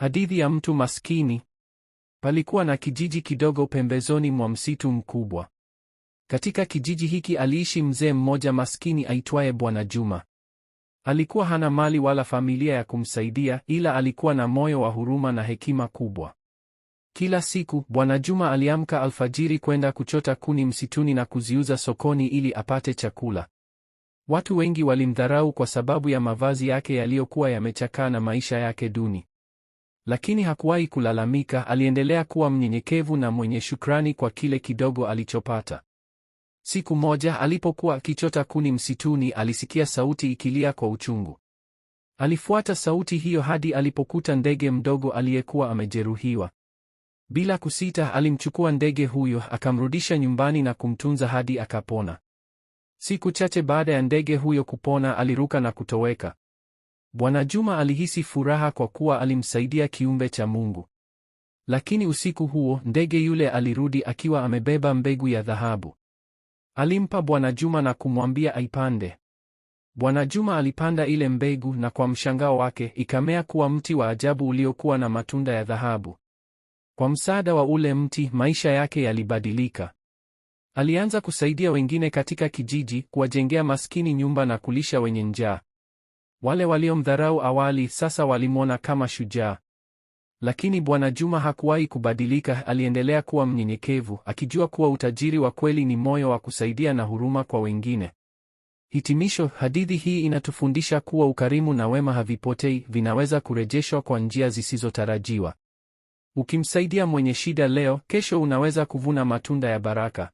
Hadithi ya mtu maskini. Palikuwa na kijiji kidogo pembezoni mwa msitu mkubwa. Katika kijiji hiki aliishi mzee mmoja maskini aitwaye Bwana Juma. Alikuwa hana mali wala familia ya kumsaidia, ila alikuwa na moyo wa huruma na hekima kubwa. Kila siku Bwana Juma aliamka alfajiri kwenda kuchota kuni msituni na kuziuza sokoni ili apate chakula. Watu wengi walimdharau kwa sababu ya mavazi yake yaliyokuwa yamechakaa na maisha yake duni. Lakini hakuwahi kulalamika, aliendelea kuwa mnyenyekevu na mwenye shukrani kwa kile kidogo alichopata. Siku moja alipokuwa akichota kuni msituni, alisikia sauti ikilia kwa uchungu. Alifuata sauti hiyo hadi alipokuta ndege mdogo aliyekuwa amejeruhiwa. Bila kusita, alimchukua ndege huyo, akamrudisha nyumbani na kumtunza hadi akapona. Siku chache baada ya ndege huyo kupona, aliruka na kutoweka. Bwana Juma alihisi furaha kwa kuwa alimsaidia kiumbe cha Mungu. Lakini usiku huo ndege yule alirudi akiwa amebeba mbegu ya dhahabu. Alimpa Bwana Juma na kumwambia aipande. Bwana Juma alipanda ile mbegu na kwa mshangao wake ikamea kuwa mti wa ajabu uliokuwa na matunda ya dhahabu. Kwa msaada wa ule mti maisha yake yalibadilika. Alianza kusaidia wengine katika kijiji, kuwajengea maskini nyumba na kulisha wenye njaa. Wale waliomdharau awali sasa walimwona kama shujaa. Lakini Bwana Juma hakuwahi kubadilika, aliendelea kuwa mnyenyekevu, akijua kuwa utajiri wa kweli ni moyo wa kusaidia na huruma kwa wengine. Hitimisho, hadithi hii inatufundisha kuwa ukarimu na wema havipotei, vinaweza kurejeshwa kwa njia zisizotarajiwa. Ukimsaidia mwenye shida leo, kesho unaweza kuvuna matunda ya baraka.